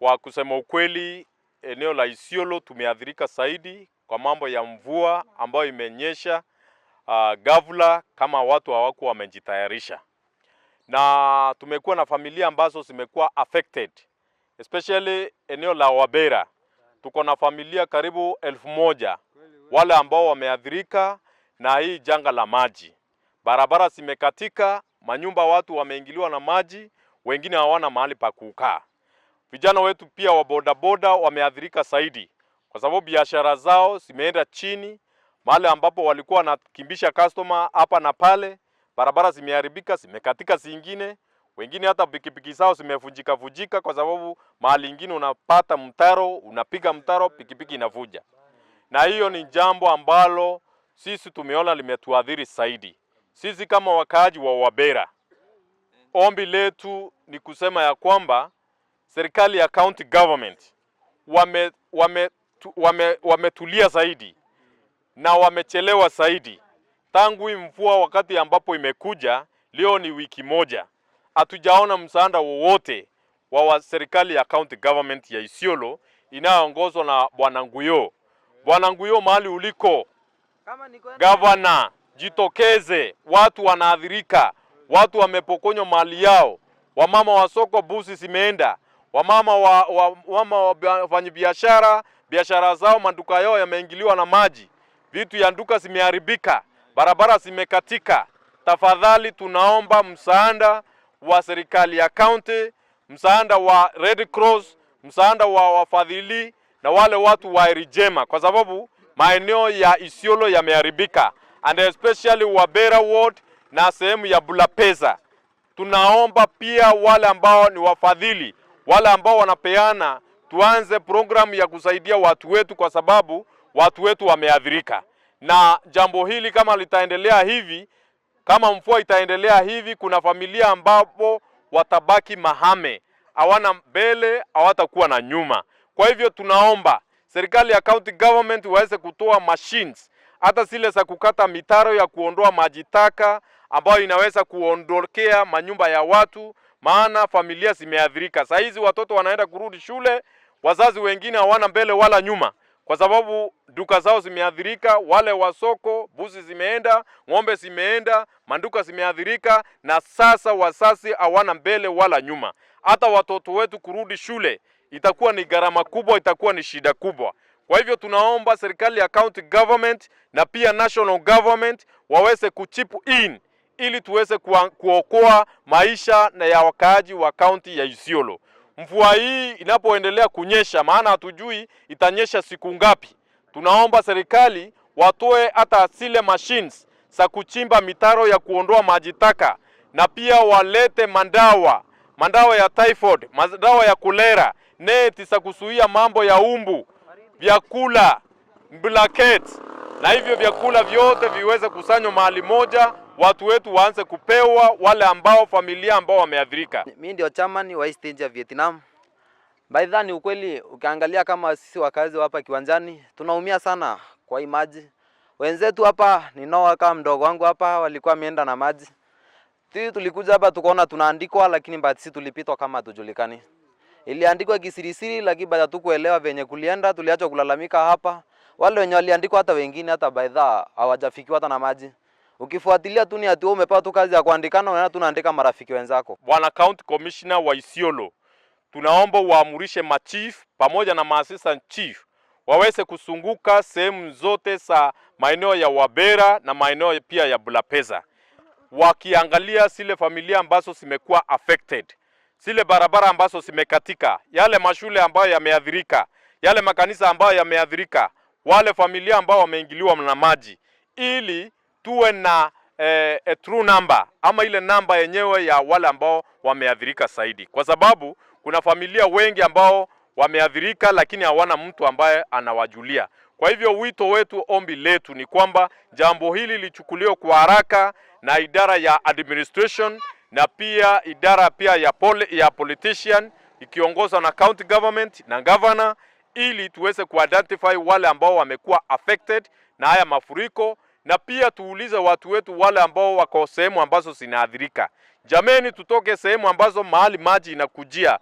Kwa kusema ukweli, eneo la Isiolo tumeathirika zaidi kwa mambo ya mvua ambayo imenyesha uh, ah, ghafla kama watu hawakuwa wamejitayarisha, na tumekuwa na familia ambazo zimekuwa affected especially eneo la Wabera. Tuko na familia karibu elfu moja wale ambao wameathirika na hii janga la maji. Barabara zimekatika, manyumba watu wameingiliwa na maji, wengine hawana mahali pa kukaa. Vijana wetu pia wa bodaboda wameathirika zaidi, kwa sababu biashara zao zimeenda chini, mahali ambapo walikuwa wanakimbisha customer hapa na pale, barabara zimeharibika, zimekatika zingine, wengine hata pikipiki zao zimevunjika vunjika, kwa sababu mahali ingine unapata mtaro, unapiga mtaro, pikipiki inavuja, na hiyo ni jambo ambalo sisi tumeona limetuadhiri zaidi. Sisi kama wakaaji wa Wabera, ombi letu ni kusema ya kwamba serikali ya county government wame wame wame wametulia zaidi na wamechelewa zaidi tangu mvua wakati ambapo imekuja leo ni wiki moja, hatujaona msaada wowote wa serikali ya county government ya Isiolo inayoongozwa na Bwana Nguyo. Bwana Nguyo, mahali uliko gavana, jitokeze. Watu wanaadhirika, watu wamepokonywa mali yao, wamama wa soko busi zimeenda wamama wa, wa, wama wafanyabiashara biashara zao maduka yao yameingiliwa na maji, vitu ya nduka zimeharibika, barabara zimekatika. Tafadhali tunaomba msaada wa serikali ya kaunti, msaada wa Red Cross, msaada wa wafadhili na wale watu wa Erijema, kwa sababu maeneo ya Isiolo yameharibika and especially Wabera ward na sehemu ya bulapeza Tunaomba pia wale ambao ni wafadhili wale ambao wanapeana, tuanze programu ya kusaidia watu wetu, kwa sababu watu wetu wameathirika na jambo hili. Kama litaendelea hivi, kama mvua itaendelea hivi, kuna familia ambapo watabaki mahame, hawana mbele, hawatakuwa na nyuma. Kwa hivyo tunaomba serikali ya county government waweze kutoa machines hata zile za kukata mitaro ya kuondoa maji taka ambayo inaweza kuondokea manyumba ya watu maana familia zimeathirika. Saa hizi watoto wanaenda kurudi shule, wazazi wengine hawana mbele wala nyuma, kwa sababu duka zao zimeathirika, wale wa soko, buzi zimeenda, ng'ombe zimeenda, manduka zimeathirika, na sasa wazazi hawana mbele wala nyuma. Hata watoto wetu kurudi shule itakuwa ni gharama kubwa, itakuwa ni shida kubwa. Kwa hivyo tunaomba serikali ya county government na pia national government waweze kuchip in ili tuweze kuokoa maisha na ya wakaaji wa kaunti ya Isiolo. Mvua hii inapoendelea kunyesha, maana hatujui itanyesha siku ngapi, tunaomba serikali watoe hata zile machines za kuchimba mitaro ya kuondoa maji taka, na pia walete mandawa mandawa ya typhoid, mandawa ya kulera neti za kuzuia mambo ya umbu, vyakula blanket, na hivyo vyakula vyote viweze kusanywa mahali moja watu wetu waanze kupewa, wale ambao familia ambao wameathirika. Mimi ndio chairman wa East Asia Vietnam. Baidha, ni ukweli ukiangalia, kama sisi wakazi wa hapa Kiwanjani tunaumia sana kwa hii maji. Wenzetu hapa ninaoa kama mdogo wangu hapa walikuwa mienda na maji, Tu tulikuja hapa tukaona tunaandikwa, lakini bahati sisi tulipitwa kama hatujulikani. Iliandikwa kisirisiri, lakini baada tukuelewa venye kulienda, tuliacha kulalamika hapa. Wale wenye waliandikwa hata wengine hata baidha hawajafikiwa hata na maji. Ukifuatilia tu ni ati wewe umepata tu kazi ya kuandikana, na tunaandika marafiki wenzako. Bwana County Commissioner wa Isiolo, tunaomba waamurishe machief pamoja na maasisa chief waweze kusunguka sehemu zote za maeneo ya Wabera na maeneo pia ya Bulapeza, wakiangalia zile familia ambazo zimekuwa affected, zile barabara ambazo zimekatika, yale mashule ambayo yameathirika, yale makanisa ambayo yameathirika, wale familia ambao wameingiliwa na maji ili tuwe na eh, a true number ama ile namba yenyewe ya wale ambao wameathirika zaidi, kwa sababu kuna familia wengi ambao wameathirika, lakini hawana mtu ambaye anawajulia. Kwa hivyo wito wetu, ombi letu ni kwamba jambo hili lichukuliwe kwa haraka na idara ya administration na pia idara pia ya, poli, ya politician ikiongozwa na county government na governor, ili tuweze kuidentify wale ambao wamekuwa affected na haya mafuriko na pia tuulize watu wetu wale ambao wako sehemu ambazo zinaathirika. Jameni, tutoke sehemu ambazo mahali maji inakujia